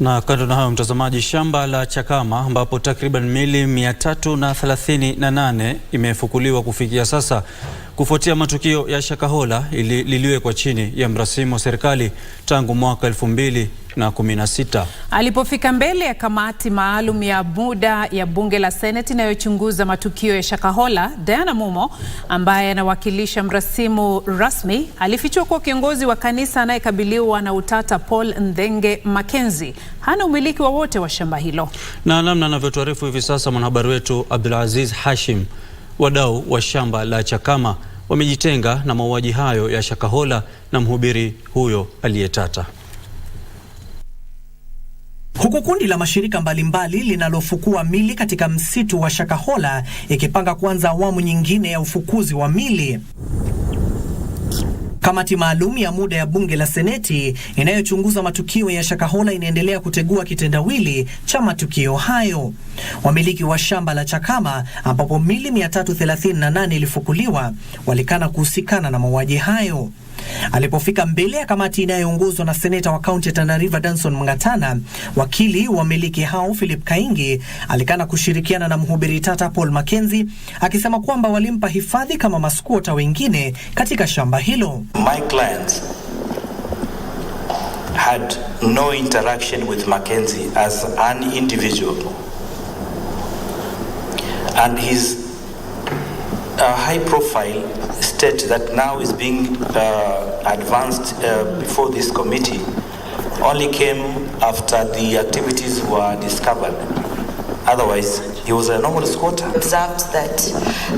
Na kando na hayo, mtazamaji, shamba la Chakama ambapo takriban mili 338 na imefukuliwa kufikia sasa kufuatia matukio ya Shakahola liliwekwa chini ya mrasimu wa serikali tangu mwaka 2000 na sita. Alipofika mbele ya kamati maalum ya muda ya bunge la Seneti inayochunguza matukio ya Shakahola, Diana Mumo ambaye anawakilisha mrasimu rasmi alifichua kuwa kiongozi wa kanisa anayekabiliwa na utata Paul Nthenge makenzi hana umiliki wowote wa, wa shamba hilo. Na namna anavyotuarifu hivi sasa mwanahabari wetu Abdulaziz Hashim, wadau wa shamba la Chakama wamejitenga na mauaji hayo ya Shakahola na mhubiri huyo aliyetata huku kundi la mashirika mbalimbali linalofukua mili katika msitu wa Shakahola ikipanga kuanza awamu nyingine ya ufukuzi wa mili. Kamati maalum ya muda ya bunge la seneti inayochunguza matukio ya Shakahola inaendelea kutegua kitendawili cha matukio hayo. Wamiliki wa shamba la Chakama ambapo mili 338 ilifukuliwa walikana kuhusikana na mauaji hayo. Alipofika mbele ya kamati inayoongozwa na seneta wa kaunti ya Tana River Danson Mngatana, wakili wa miliki hao Philip Kaingi alikana kushirikiana na mhubiri tata Paul makenzi akisema kwamba walimpa hifadhi kama maskuota wengine katika shamba hilo. My clients had no interaction with Mackenzie as an individual and his uh, high profile state that now is being uh, advanced uh, before this committee only came after the activities were discovered. Otherwise, He was a normal squatter. Observed that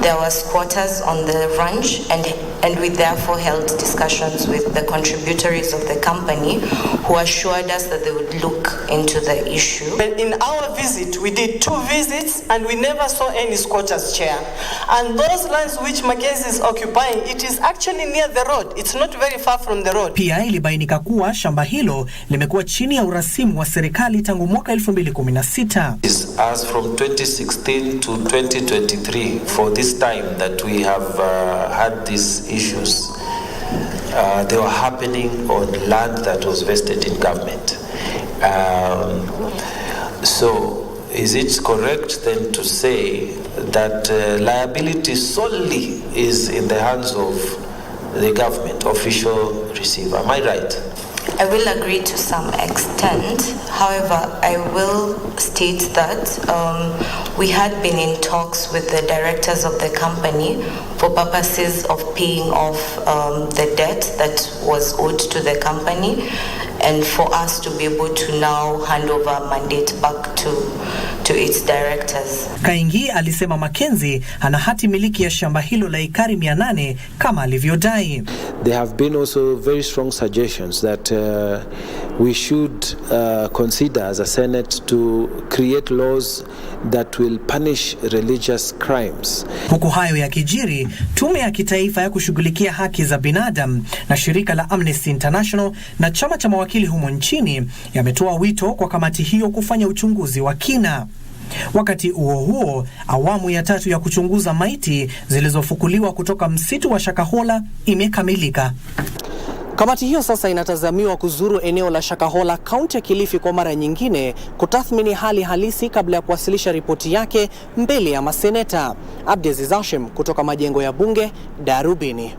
there were squatters on the ranch and and we therefore held discussions with the contributors of the company who assured us that they would look into the issue. In our visit, we did two visits and we never saw any squatters chair. And those lands which Mackenzie is occupying, it is actually near the road. It's not very far from the road. Pia ilibainika kuwa shamba hilo limekuwa chini ya urasimu wa serikali tangu mwaka 2016. Is as from 20 2016 to 2023 for this time that we have uh, had these issues. Uh, they were happening on land that was vested in government. Um, so is it correct then to say that uh, liability solely is in the hands of the government official receiver? Am I right? I will agree to some extent. However, I will state that um, We had been in talks with the directors of the company for purposes of paying off um, the debt that was owed to the company and for us to be able to now hand over mandate back to, to its directors. Kaingi alisema Mackenzie ana hati miliki ya shamba hilo la ekari 800 kama alivyodai. There have been also very strong suggestions that uh, we should uh, consider as a Senate to create laws that will punish religious crimes. Huku hayo yakijiri, tume ya kitaifa ya kushughulikia haki za binadamu na shirika la Amnesty International na chama cha mawakili humo nchini yametoa wito kwa kamati hiyo kufanya uchunguzi wa kina. Wakati huo huo, awamu ya tatu ya kuchunguza maiti zilizofukuliwa kutoka msitu wa Shakahola imekamilika. Kamati hiyo sasa inatazamiwa kuzuru eneo la Shakahola, kaunti ya Kilifi kwa mara nyingine kutathmini hali halisi kabla ya kuwasilisha ripoti yake mbele ya maseneta. Abdiaziz Hashim kutoka majengo ya bunge, Darubini.